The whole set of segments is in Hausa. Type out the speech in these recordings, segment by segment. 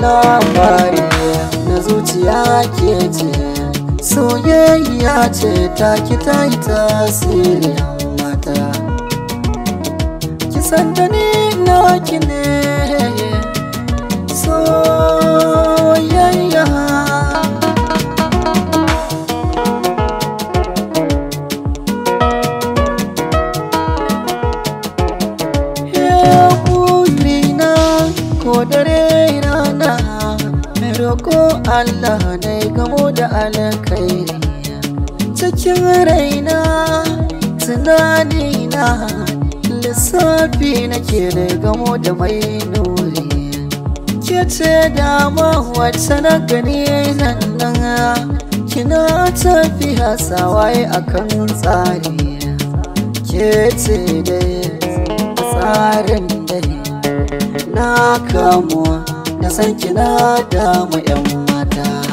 labari na zuciya ke ce soyayya ce ta ki ta yi tasirin mata kisan da ni na wakil Allah Nai gamo da alkhairi. cikin raina tunanina lissafi nake da gamo da mai nuri ke ce dama wata na gani nan nan kina tafi a kan tsari ke ce dai tsarin dai na kamuwa na san kina damu yamma down.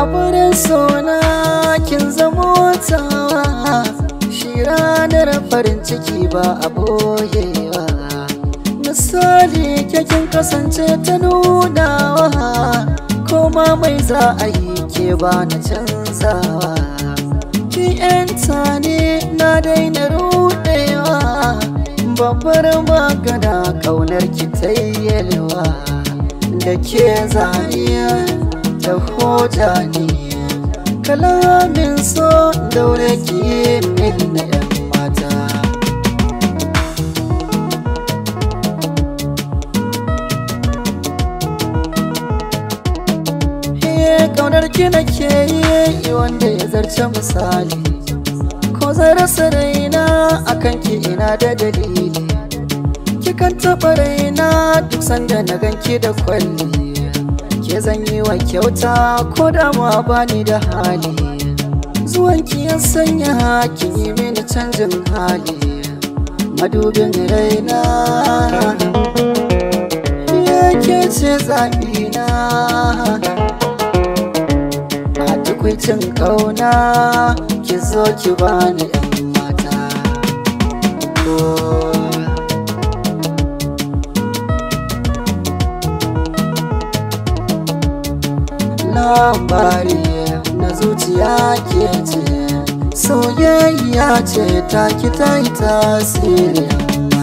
a sona kin zamo tawa shi ranar farin ciki ba a boyewa misali kin kasance ta nunawa koma mai za a yi ke ba na canzawa ki yanta ne na daina rudewa babbar magana kaunar ki ta yelwa da ke zaniya da hoja ne kalamin so daure ki min na yan mata kaunar ki nake yi wanda ya zarce misali ko zara raina akan ki ina da dalili kikan taɓa raina duk sanda na ganki da kwalli ke zan yi wa kyauta ko da bani da hali zuwanki ya sanya kin yi mini canjin hali madubin raina yake ce zaɓina a tukwicin ƙauna ki zo ki bani ɗan labari na zuciya ke ce soyayya ce ta ki ta yi tasiri